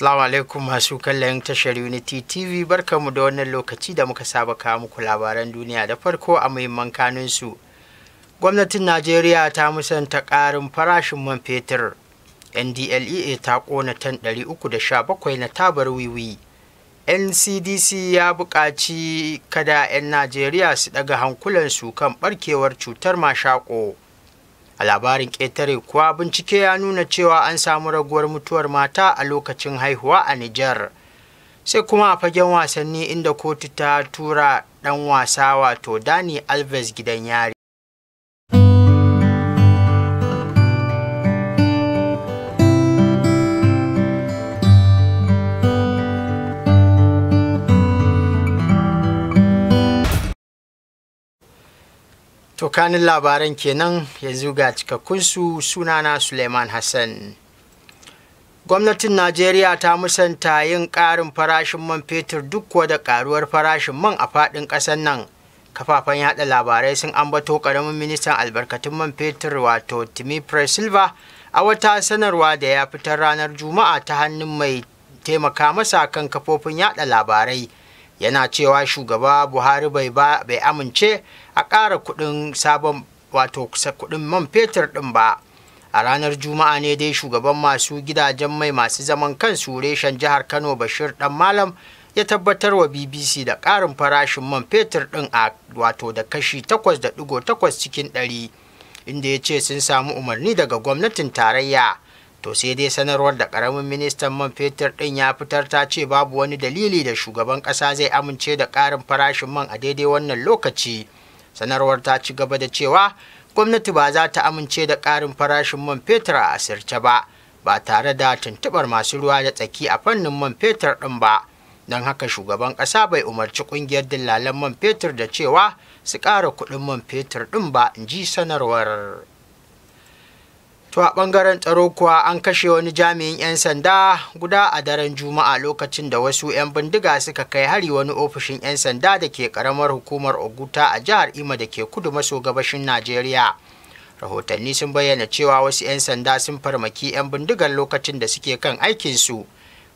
Assalamu alaikum masu kallon tashar Unity TV barka mu da wannan lokaci da muka saba kawo muku labaran duniya da farko a muhimman kanunsu. Gwamnatin Najeriya ta musanta ƙarin farashin man fetur. NDLEA ta ƙona tan 317 na tabar wiwi. NCDC ya buƙaci kada 'yan Najeriya su ɗaga hankulansu kan ɓarkewar cutar mashaƙo. a labarin ƙetare kuwa bincike ya nuna cewa an samu raguwar mutuwar mata a lokacin haihuwa a nijar sai kuma a fagen wasanni inda kotu ta tura ɗan wasa wato dani alves gidan yari To kanin labaran kenan yanzu ga su sunana Suleiman Hassan. Gwamnatin Najeriya ta musanta yin ƙarin farashin man fetur duk kuwa da ƙaruwar farashin man a faɗin ƙasar nan. Kafafen yaɗa labarai sun ambato ƙaramin ministan albarkatun man fetur wato Timi Silva a wata sanarwa da ya fitar ranar Juma'a ta hannun mai taimaka masa kan kafofin yaɗa labarai. yana cewa shugaba buhari bai amince a kara kudin sabon wato kudin man fetur ɗin ba a ranar juma'a ne dai shugaban masu gidajen mai masu zaman kansu reshen jihar kano bashir dan malam ya tabbatar wa bbc da ƙarin farashin man fetur ɗin a wato da kashi 8.8 cikin 100 inda ya ce sun samu umarni daga gwamnatin tarayya to sai dai sanarwar da karamin ministan man fetur din ya fitar ta ce babu wani dalili da shugaban kasa zai amince da karin farashin man a daidai wannan lokaci sanarwar ta ci gaba da cewa gwamnati ba za ta amince da karin farashin man fetur a asirce ba ba tare da tuntubar masu ruwa da tsaki a fannin man fetur din ba don haka shugaban kasa bai umarci kungiyar dillalan man fetur da cewa su ƙara kuɗin man fetur din ba in ji sanarwar To a ɓangaren tsaro kuwa an kashe wani jami'in 'yan sanda guda a daren Juma'a lokacin da wasu 'yan bindiga suka kai hari wani ofishin 'yan sanda da ke ƙaramar hukumar Oguta a jihar Ima da ke kudu maso gabashin Najeriya. Rahotanni sun bayyana cewa wasu 'yan sanda sun farmaki 'yan bindigar lokacin da suke kan aikinsu.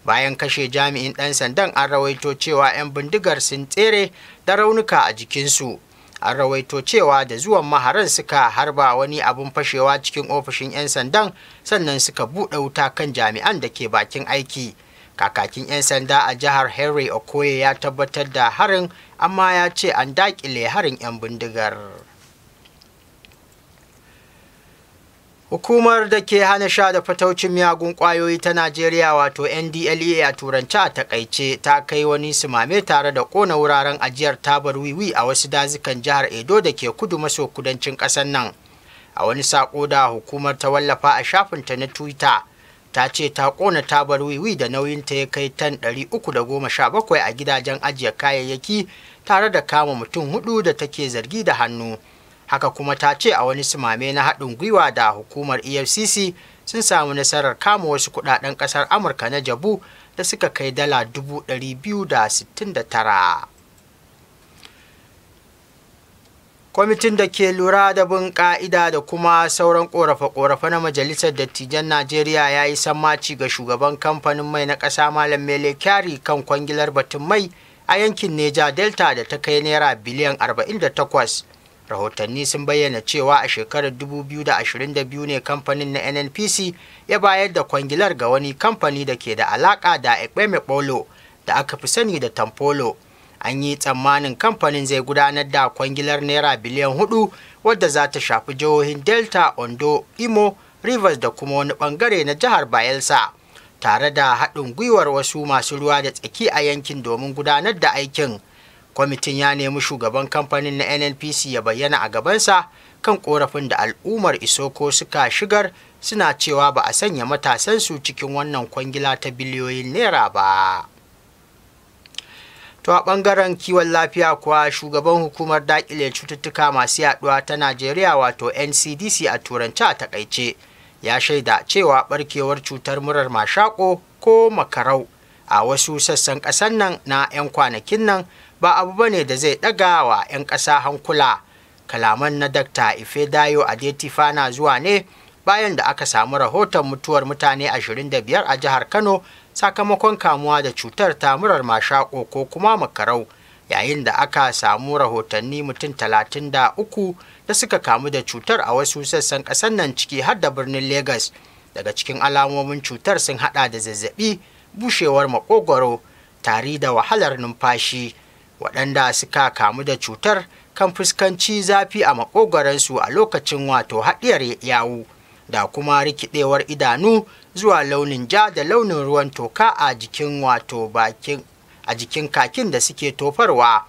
Bayan kashe jami'in ɗan sandan an rawaito cewa 'yan bindigar sun tsere da raunuka a jikinsu. an rawaito cewa da zuwan maharan suka harba wani abun fashewa cikin ofishin 'yan sandan sannan suka buɗe wuta kan jami'an da ke bakin aiki kakakin 'yan sanda a jihar henry okoye ya tabbatar da harin amma ya ce an daƙile harin 'yan bindigar Hukumar da ke hana sha da fataucin miyagun kwayoyi ta Najeriya wato NDLEA a turanci a takaice ta kai wani simame tare da ƙona wuraren ajiyar tabar wiwi a wasu dazukan jihar Edo da ke kudu maso kudancin ƙasar nan. A wani saƙo da hukumar ta wallafa a shafinta na Twitter ta ce ta ƙona tabar wiwi da nauyin ta ya kai tan 317 a gidajen ajiye kayayyaki tare da kama mutum hudu da take zargi da hannu. haka kuma ta ce a wani simame na haɗin gwiwa da hukumar efcc sun samu nasarar kama wasu kudaden ƙasar amurka na jabu da suka kai dala 269 kwamitin da ke lura da bin ƙa'ida da kuma sauran korafe-korafe na majalisar dattijan najeriya ya yi sammaci ga shugaban kamfanin mai na ƙasa malam mele kyari kan kwangilar batun mai a yankin neja delta da ta kai naira biliyan 48 rahotanni sun bayyana cewa a shekarar 2022 ne kamfanin na nnpc ya bayar da kwangilar ga wani kamfani da ke da alaka da ekpeme polo da aka fi sani da tampolo an yi tsammanin kamfanin zai gudanar da kwangilar naira biliyan hudu wadda za ta shafi jihohin delta ondo imo rivers da kuma wani bangare na jihar bayelsa tare da haɗin gwiwar wasu masu ruwa da tsaki a yankin domin gudanar da aikin. kwamitin ya nemi shugaban kamfanin na nnpc ya bayyana a gabansa kan korafin da al'ummar isoko suka shigar suna cewa ba a sanya matasansu cikin wannan kwangila ta biliyoyin naira ba to a ɓangaren kiwon lafiya kuwa shugaban hukumar dakile cututtuka masu yaɗuwa ta najeriya wato ncdc a turanci a takaice ya shaida cewa ɓarkewar cutar murar mashako ko makarau a wasu sassan ƙasar nan na 'yan kwanakin nan ba abu bane da zai ɗaga wa 'yan ƙasa hankula kalaman na Dr ifedayo adetifana zuwa ne bayan da aka samu rahoton mutuwar mutane 25 a jihar kano sakamakon kamuwa da cutar tamurar mashako ko kuma makarau yayin da aka samu rahotanni mutum 33 da suka kamu da cutar a wasu sassan ƙasar nan ciki har da birnin Legas, daga cikin alamomin cutar sun hada da zazzabi bushewar makogwaro tare da wahalar numfashi waɗanda suka kamu da cutar kan fuskanci zafi a makogwaransu a lokacin wato haɗiyar yawu da kuma rikidewar idanu zuwa launin ja da launin ruwan toka a jikin wato bakin a jikin kakin da suke tofarwa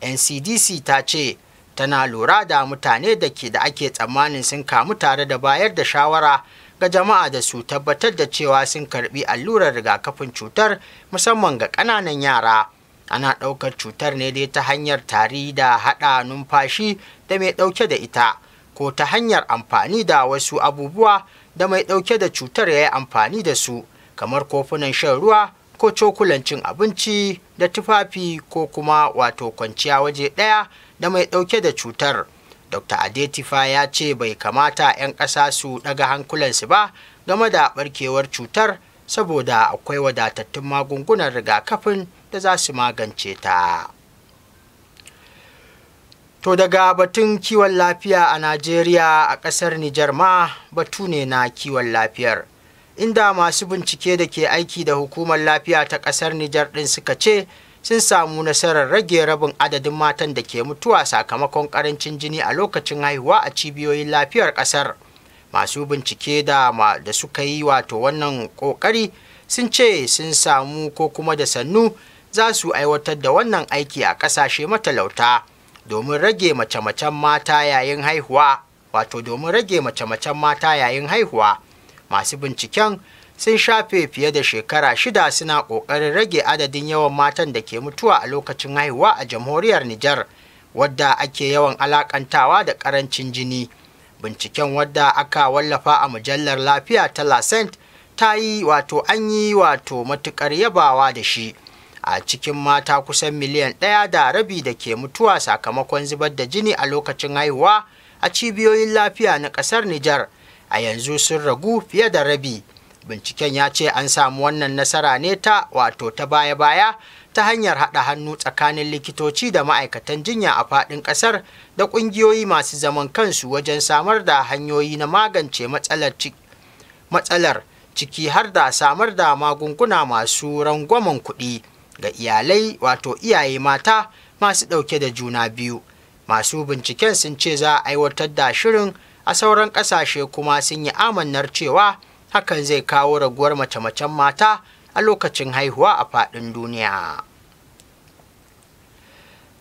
ncdc ta ce tana lura da mutane da ke da ake tsammanin sun kamu tare da bayar da shawara ga jama'a da su tabbatar da cewa sun karbi allurar rigakafin cutar musamman ga ƙananan yara ana ɗaukar cutar ne dai ta hanyar tari da haɗa numfashi da mai ɗauke da ita ko ta hanyar amfani da wasu abubuwa da mai ɗauke da cutar ya yi amfani da su kamar kofunan shan ruwa ko cokulan cin abinci da tufafi ko kuma wato kwanciya waje ɗaya da mai ɗauke da cutar. dr adetifa ya ce bai kamata 'yan ƙasa su ɗaga hankulansu ba game da ɓarkewar cutar saboda akwai wadatattun magungunan rigakafin da za su magance ta to daga batun kiwon lafiya a najeriya a ƙasar nijar ma batu ne na kiwon lafiyar inda masu bincike da ke aiki da hukumar lafiya ta ƙasar nijar ɗin suka ce sun samu nasarar rage rabin adadin matan da ke mutuwa sakamakon karancin jini a lokacin haihuwa a cibiyoyin lafiyar kasar masu bincike da da suka yi wato wannan kokari sun ce sun samu ko kuma da sannu za su aiwatar da wannan aiki a kasashe matalauta domin rage mace-macen mata yayin haihuwa wato domin rage mace-macen mata yayin haihuwa masu binciken sun shafe fiye da shekara shida suna ƙoƙarin rage adadin yawan matan da ke mutuwa a lokacin haihuwa a jamhuriyar Nijar, wadda ake yawan alakantawa da ƙarancin jini. Binciken wadda aka wallafa a mujallar lafiya ta Lasent ta yi wato an yi wato matuƙar yabawa da shi. A cikin mata kusan miliyan ɗaya da rabi da ke mutuwa sakamakon zubar da jini a lokacin haihuwa a cibiyoyin lafiya na ƙasar Nijar, a yanzu sun ragu fiye da rabi. binciken ya ce an samu wannan nasara ne ta wato ta baya-baya ta hanyar haɗa hannu tsakanin likitoci da ma'aikatan jinya a faɗin ƙasar da ƙungiyoyi masu zaman kansu wajen samar da hanyoyi na magance matsalar ciki har da samar da magunguna masu rangwamen kuɗi ga iyalai wato iyaye mata masu ɗauke da juna biyu masu binciken sun ce za a aiwatar da shirin a sauran ƙasashe kuma sun yi amannar cewa hakan zai kawo raguwar mace-macen mata a lokacin haihuwa a faɗin duniya.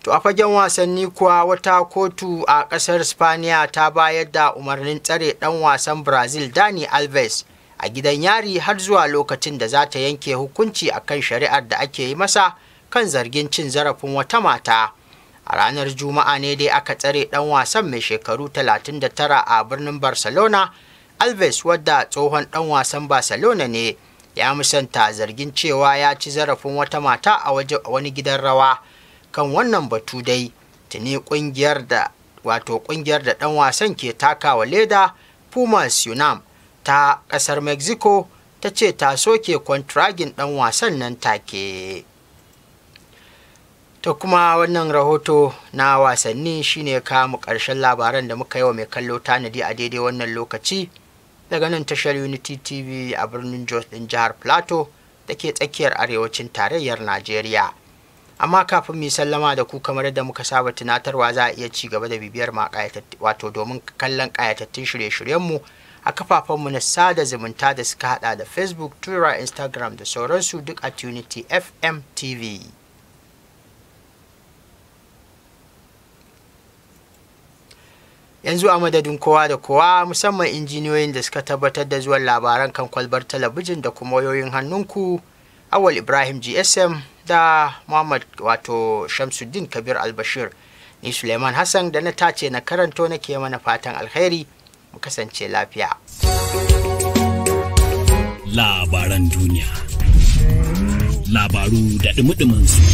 To a fagen wasanni kuwa wata kotu a ƙasar Spaniya ta bayar da umarnin tsare ɗan wasan Brazil Dani Alves a gidan yari har zuwa lokacin da za ta yanke hukunci a kan shari'ar da ake yi masa kan zargin cin zarafin wata mata. A ranar Juma'a ne dai aka tsare ɗan wasan mai shekaru 39 a birnin Barcelona alves wadda tsohon dan wasan barcelona ne ya musanta zargin cewa ya ci zarafin wata mata a wani gidan rawa kan wannan batu dai tuni kungiyar da wato kungiyar da dan wasan ke takawa leda pumas unam ta kasar mexico ta ce ta soke kwantragin dan wasan nan take Ta kuma wannan rahoto na wasanni shine kamu karshen labaran da muka yi wa mai kallo tanadi a daidai wannan lokaci daga nan tashar unity tv a birnin jos din jihar plateau da ke tsakiyar arewacin tarayyar najeriya amma kafin mu sallama da ku kamar yadda muka saba tunatarwa za a iya ci gaba da bibiyar ma wato domin kallon kayatattun shirye-shiryenmu a kafafenmu na sada zumunta da suka hada da facebook twitter instagram da sauransu duk a unity fm tv yanzu a madadin kowa da kowa musamman injiniyoyin da suka tabbatar da zuwan labaran kan kwalbar talabijin da kuma wayoyin hannunku awal ibrahim gsm da muhammad wato shamsuddin kabir albashir ni suleiman hassan da na tace na karanto nake mana fatan alkhairi mu kasance lafiya labaran duniya labaru da dumi su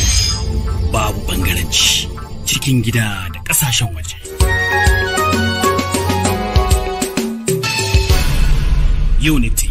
babu bangaranci cikin gida da ƙasashen waje unity.